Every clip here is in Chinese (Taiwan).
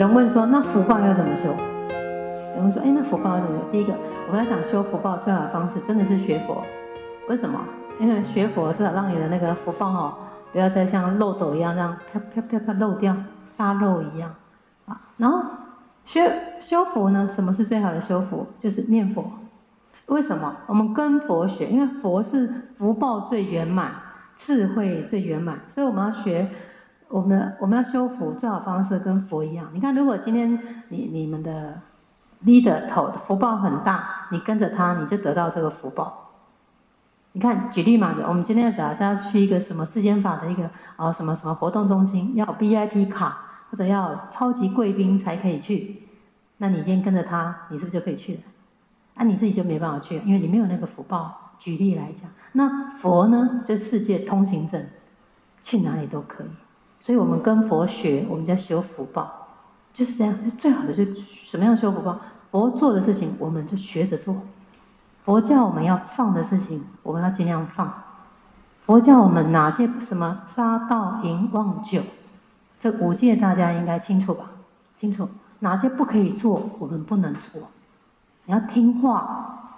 有人問說：“那福報要怎麼修？”有人問說：“哎，那福報要怎麼修？第一個，我們要講修福報最好的方式，真的是學佛。為什麼？因為學佛是讓你的那個福報哦，不要再像漏斗一樣這樣啪啪啪啪漏掉，沙漏一樣。啊，然後學修福呢，什麼是最好的修福？就是念佛。為什麼？我們跟佛學，因為佛是福報最圓滿，智慧最圓滿，所以我們要學。”我們我們要修福，最好方式跟佛一樣。你看，如果今天你你們的 leader 頭，福報很大，你跟着他，你就得到這個福報。你看，舉例嘛，我們今天要找一下，去一個什麼世間法的一個啊、哦、什麼什麼活動中心，要 VIP 卡或者要超級貴賓才可以去。那你今天跟着他，你是不是就可以去了？那、啊、你自己就沒辦法去，因為你沒有那個福報。舉例來講，那佛呢，就世界通行證，去哪裡都可以。所以我們跟佛學，我們在修福報，就是這樣。最好的就是什麼樣修福報？佛做的事情，我們就學着做；佛教我們要放的事情，我們要盡量放。佛教我們哪些什麼殺盜淫妄酒，這五戒大家應該清楚吧？清楚哪些不可以做，我們不能做。你要聽話，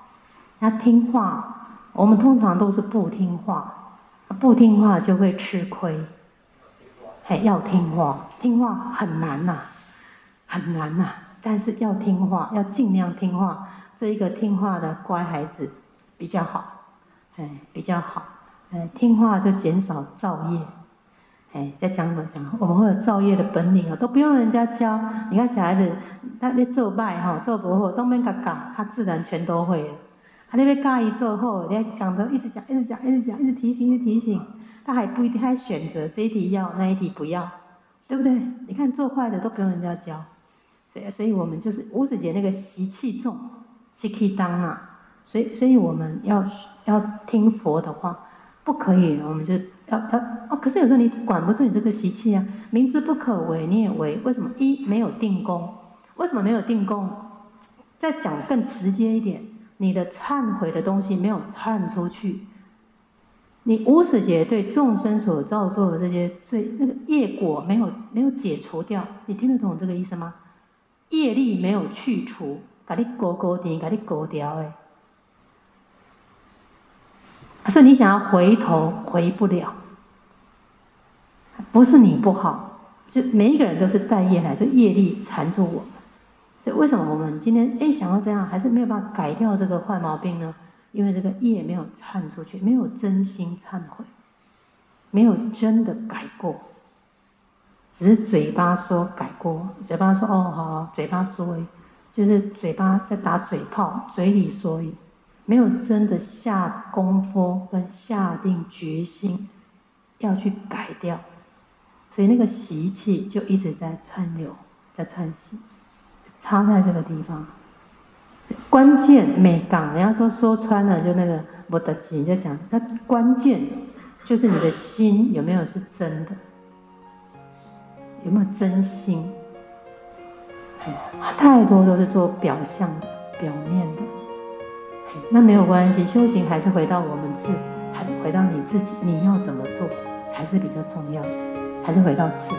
你要聽話。我們通常都是不聽話，不聽話就會吃虧。要聽話，聽話很難吶、啊，很難吶、啊。但是要聽話，要盡量聽話，做一個聽話的乖孩子比較好，哎，比較好。哎，聽話就減少造業。哎，再講多講，我們會有造業的本領啊，都不用人家教。你看小孩子，他咧做拜哈，做薄厚，東邊個搞，他自然全都會了。他那邊嘎一做後，人家講都一直講，一直講，一直講，一直提醒，一直提醒。他還不一定還選擇這一題要那一題不要，對不對？你看做壞的都不用人家教，所以所以我們就是無始劫那個習氣重，習氣當啊。所以所以我們要要聽佛的話，不可以，我們就要要哦，可是有時候你管不住你這個習氣啊，明知不可為你也為，為什麼？一沒有定功，為什麼沒有定功？再講更直接一點，你的懺悔的東西沒有懺出去。你無始劫對眾生所造作的這些罪，那個業果沒有沒有解除掉，你聽得懂這個意思嗎？業力沒有去除，把你勾勾頂把你勾掉哎。所以你想要回頭回不了，不是你不好，就每一個人都是帶業來，就業力纏住我們。所以為什麼我們今天哎想要這樣，還是沒有辦法改掉這個壞毛病呢？因為這個業沒有懺出去，沒有真心懺悔，沒有真的改過，只是嘴巴說改過，嘴巴說哦，好好，嘴巴說，就是嘴巴在打嘴炮，嘴裡說，沒有真的下功夫跟下定決心要去改掉，所以那個習氣就一直在串流，在串習，插在這個地方。關鍵，美港人家說說穿了就那個不得勁，你就講它關鍵就是你的心有沒有是真的，有沒有真心？太多都是做表象的、表面的，那沒有關係，修行還是回到我們自，還回到你自己，你要怎麼做才是比較重要，還是回到自。